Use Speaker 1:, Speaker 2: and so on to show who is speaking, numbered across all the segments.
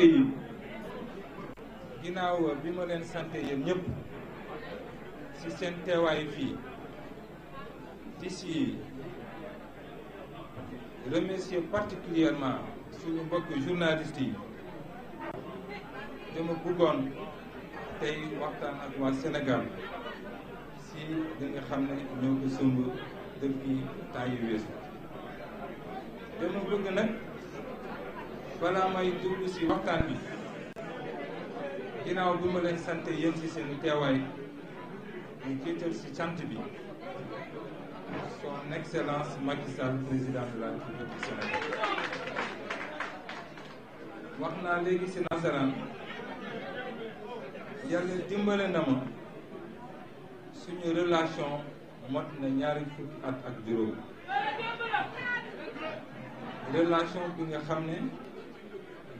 Speaker 1: yi bi ma leen sante yéen ñëpp ci seen teewaayu fii di ci remercier particulièrement suñu mbokk journaliste yi dama bëggoon tey waxtaan ak waa Sénégal si li xam ne ñoo ko sëmb depuis temps yu dama bëgg nag balaa may jublu si waxtaan bi ginnaaw bi ma leen sant yéen seen teewaay ñu jiital si cant bi son excellence Macky Sall président de la République du wax naa léegi seen nasaraan yàlla dimbale na ma suñu relation mot na ñaari fukki at ak juróom relation bi nga xam ne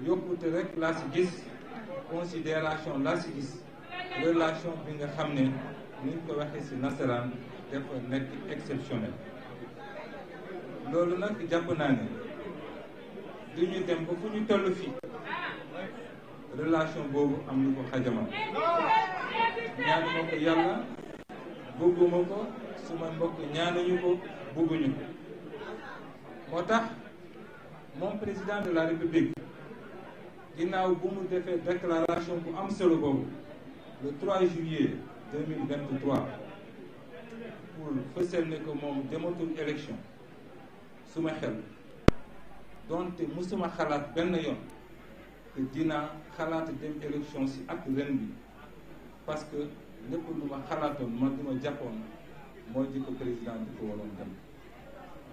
Speaker 1: yokkute rek laa si gis considération laa si gis relation bi nga xam ne ni ko waxee si nasaraan dafa nekk exceptionnel loolu nag jàpp naa ne du ñu dem ba fu ñu toll fi relation boobu am lu ko xajamal ñaanu ma ko yàlla bëgguma ko suma mbokk ñaanuñu ko bëgguñu ko moo tax moom président de la république ginnaaw bu mu defee déclaration bu am solo boobu le 3 juillet 2023 pour fësal ne ko moom dematul élection su ma xel mu suma xalaat benn yoon que dinaa xalaat dem élection si ak ren bi parce que lépp lu ma xalaatoon man li jàppoon moo di ko président di ko waroon dem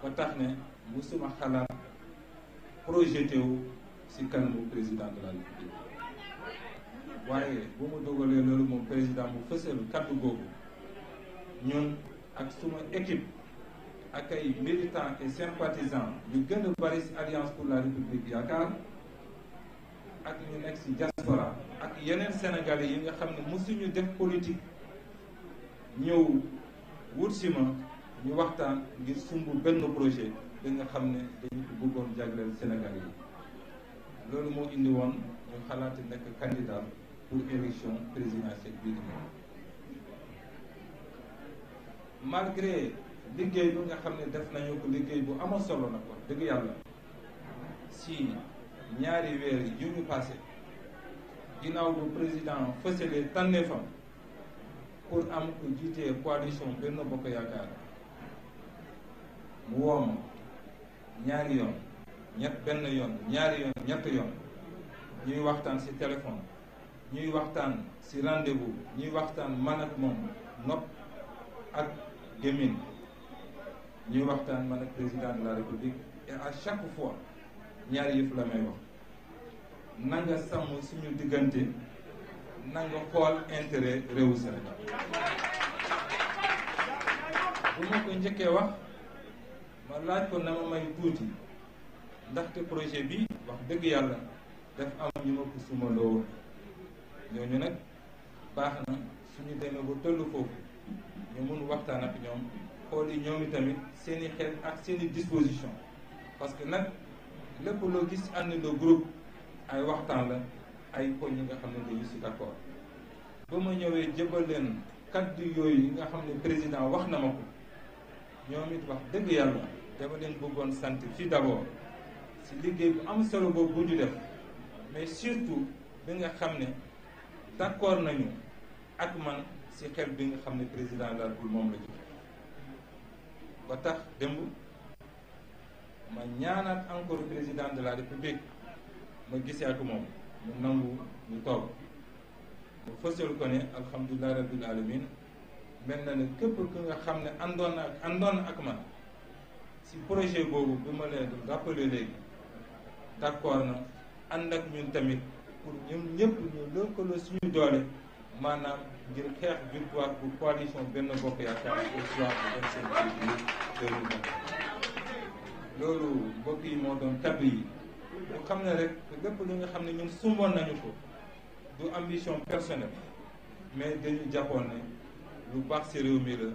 Speaker 1: ba tax ne musuma xalaat projeté si kanamu président de la république waaye bu ma dogalee loolu moom président mu fësal kaddu googu ñun ak suma équipe ak ay militants et sympathisants ñu gën a bari si alliance pour la république yaakaar ak ñu nekk si diaspora ak yeneen sénégalais yi nga xam ne suñu def politique ñëw wut si ma ñu waxtaan ngir sumb benn projet bi nga xam ne dañu ko bëggoon jagleel sénégal yi loolu moo indi woon ñu xalaati nekk candidat pour élection présidentielle bi di moom malgré liggéey bu nga xam ne def nañu ko liggéey bu amoon solo na wax dëgg yàlla si ñaari weer yu ñu passé ginnaaw bu président fësalee tànneefam pour am ku jiitee coalition Benno Bokk Yaakaar mu woom ñaari yoon ñett benn yoon ñaari yoon ñett yoon ñuy waxtaan ci téléphone ñuy waxtaan ci rendez ñuy waxtaan man ak moom nopp ak gémmiñ ñuy waxtaan man ak président de la république et à chaque fois ñaar yëf la may wax na nga sàmm suñu diggante na xool intérêt réewu Sénégal bu ma ko njëkkee wax ma laaj ko na ma may tuuti ndaxte projet bi wax dëgg yàlla daf am ñu ma ko suma loo ñooñu nag baax na suñu demee ba tollu foofu ñu mun waxtaan ak ñoom xool yi ñoom itamit seen i xel ak seen i disposition parce que nag lépp loo gis ànd de groupe ay waxtaan la ay poñ yi nga xam ne dañu si d'accord ba ma ñëwee jëbal leen kaddu yooyu yi nga xam ne président wax na ma ko ñoom it wax dëgg yàlla dama leen bëggoon sant fii d'abord si liggéey bu am solo boobu bu ñu def mais surtout bi nga xam ne d'accord nañu ak man si xel bi nga xam ne président de la République moom la jox ba tax démb ma ñaanaat encore président de la République ma gisee ak moom mu nangu ñu toog mu fësal ko ne alhamdulilah rabbil alamin mel na ne képp ku nga xam ne àndoon ak àndoon ak man si projet boobu bi ma leen rappelé léegi d'accord na ànd ak ñun tamit pour ñoom ñëpp ñu lëkkaloo suñu doole maanaam ngir xeex victoire pour coalition benn bokk yaakaar au soir du 27 février 2020 loolu mbokk yi moo doon kaddu yi ñu xam ne rek lépp li nga xam ne ñoom sumboon nañu ko du ambition personnelle mais dañu jàppoon ne lu baax ci réew mi la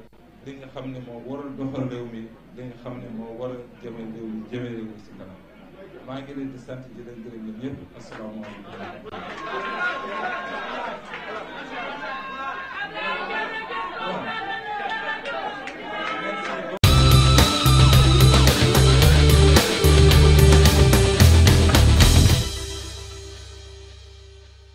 Speaker 1: li nga xam ne moo waral doxal réew mi li xam ne moo waral jëme réew mi jëme réew mi ci kanam maa ngi leen di sant di leen gërëm ñëpp asalaamaaleykum